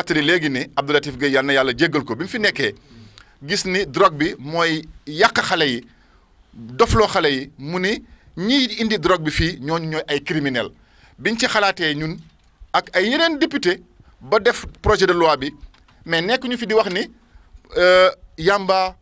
fàttali léegi ne Abdou Latif Gueye yal na yàlla jéggal ko bi mu fi nekkee gis ni drogue bi mooy yàq xale yi dofloo xale yi mu ni ñi indi drogue bi fii ñooñu ñooy ay criminel biñ ci xalaatee ñun ak ay yeneen député ba def projet de loi bi mais nekk ñu fi di wax ni euh, yamba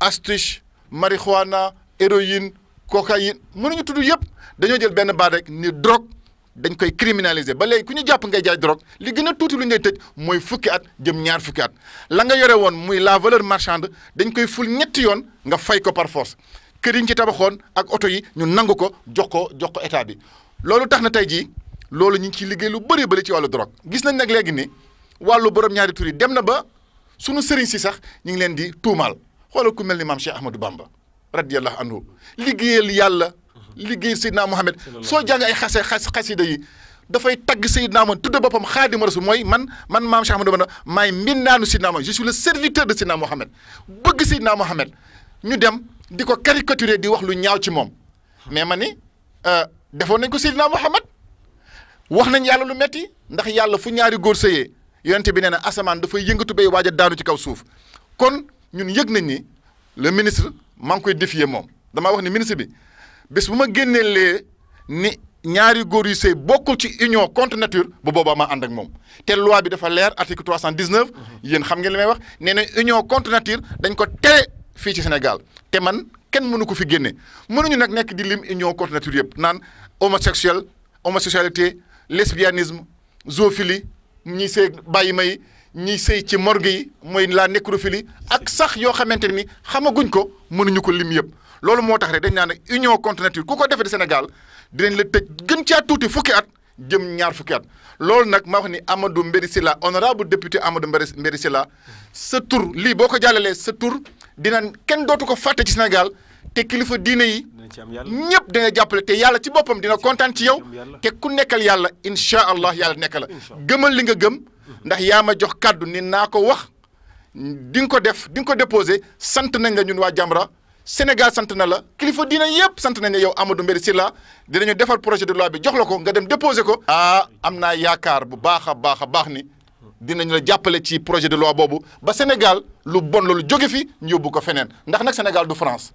astuce marijuana héroïne cocaïne mënuñu tudd yëpp dañoo jël benn baat rek ni drogue dañ koy criminaliser ba léegi ku ñu jàpp ngay jaay drogue li gën a tuuti lu ngay tëj mooy fukki at jëm ñaar fukki at la nga yore woon muy la valeur marchande dañ koy ful ñetti yoon nga fay ko par force kër yi ci tabaxoon ak oto yi ñu nangu ko jox ko jox ko état bi. loolu tax na tey jii loolu ñu ngi ciy liggéey lu bëri bëri ci wàllu drogue gis nañ nag léegi ni wàllu borom ñaari tur dem na ba sunu sëriñ si sax ñu ngi leen di tuumaal xoolal ku mel ni maam Cheikh Ahmadou Bamba radiyallahu anhu liggéeyal yàlla. liggéey Seydina Mohamed soo jàng ay xase xas xasida yi dafay tagg Seydina Mohamed tudde boppam Xaadimu Rasul mooy man man maam Cheikh Ahmadou Bamba maay mbindaanu Seydina Mohamed je suis le serviteur de Seydina Mohamed bëgg Seydina Mohamed ñu dem di ko caricaturer di wax lu ñaaw ci moom mais ma ni euh, defoon nañ ko Seydina Mohamed wax nañ yàlla lu metti ndax yàlla fu ñaari góor sëyee yonente bi nee na asamaan dafay yëngatu bay waaj a daanu ci kaw suuf kon ñun yëg nañ ni le ministre maa ngi koy défier moom damaa wax ni ministre bi bés bu ma génnee lee ni ñaari góor yu sëy bokkul ci union contre nature bu boobaa maa ànd ak moom te loi bi dafa leer article 319 yéen xam ngeen li may wax nee na union contre dañ ko tere fii ci Sénégal te man kenn mënu ko fi génne mënuñu nag nekk di lim union contre yëpp naan homosexuel homosexualité lesbianisme zoophilie ñi sëy bàyyi may ñi sëy ci morgue yi mooy la nécrophilie ak sax yoo xamante ni xamaguñ ko mënuñu ko lim yëpp loolu moo tax rek dañ naan ne union contre nature ku ko defee di Sénégal dinañ la tëj gën caa tuuti fukki at jëm ñaar fukki at loolu nag ma wax ni Amadou Mbéri Sylla honorable député Amadou Mbéri Sylla sa tur lii boo ko jàllalee sa tur dina kenn dootu ko fàtte ci Sénégal te kilifa diine yi ñëpp dana jàppale te yàlla ci boppam dina kontaan ci yow te ku nekkal yàlla incha allah yàlla nekkal la gëmal li nga gëm ndax yaa ma jox kàddu ni naa ko wax di nga ko def di nga ko déposé sant nañ la ñun waa Jamra Sénégal sant na la kilifa diina yëpp sant nañ la yow Amadou Mbéri Sylla dinañu defar projet de loi bi jox la ko nga dem déposé ko. ah am naa yaakaar bu baax a baax a baax ni dinañ la jàppale ci projet de loi boobu ba Sénégal lu bon la lu jóge fi ñu yóbbu ko feneen ndax nag Sénégal du France.